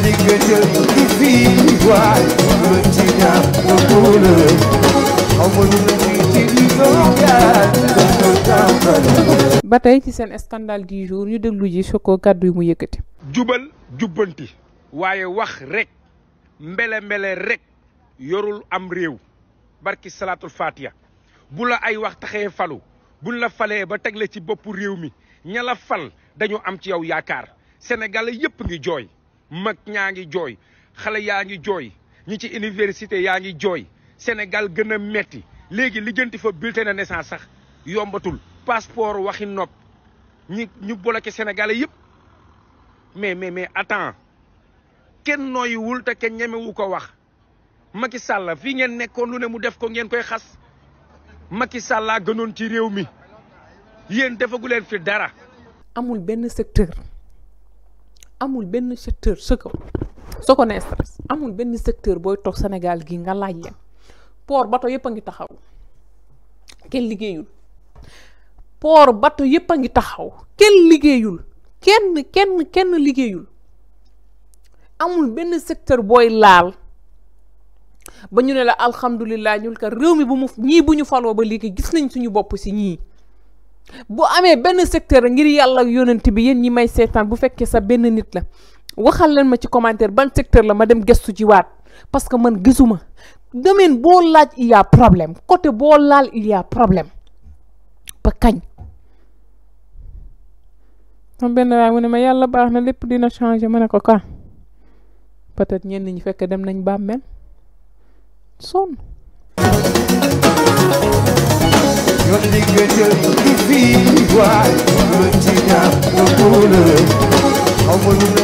ndigatal ci ba tey ci seen scandale du jour ñu déglu ji Choco kàddu yi mu yëkkati. jubal jubbanti waaye wax rek mbele mbele rekk yorul am réew barki salaatul fatiha bu la ay wax taxee falu buñ la falee ba tegle ci boppu réew mi ña la fal dañu am ci yow yaakaar Sénégal yépp ngi jooy. mag ñaa ngi jooy xale yaa ngi jooy ñi ci université yaa ngi jooy Sénégal gën a metti léegi lijjanti fa bulletin de naissance sax yombatul passeport waxi nopp ñi ñu bloqué Sénégalais yëpp mais mais mais attends kenn nooyiwul te kenn ko wax Macky Sall fii ngeen nekkoon lu ne mu def ko ngeen koy xas Macky Sall gënoon ci réew mi yéen defagu leen fi dara. amul benn secteur. amul benn secteur ce que ce qu'on est amul benn secteur booy toog Sénégal gi nga laaj leen port bato yëpp a ngi taxaw kenn liggéeyul port bato yëpp a ngi taxaw kenn liggéeyul kenn kenn kenn liggéeyul amul benn secteur booy laal ba ñu ne la alhamdulilah ñul ka réew mi bu mu ñii bu ñu faloo ba léegi gis nañ suñu bopp si ñii bu amé ben secteur ngir yalla ak yonent bi nyimai ñi may bu fekke sa ben nit la waxal leen ma ci commentaire ban secteur la ma dem gestu ci waat parce que man gisuma domaine bo laaj il y a problème côté bo laal il y a problème ba kañ. tam ben way mu ne ma yalla baax na dina changer mané ko ka peut-être ñen ñi fekk dem nañ waay luñ ci ñaar mu tuule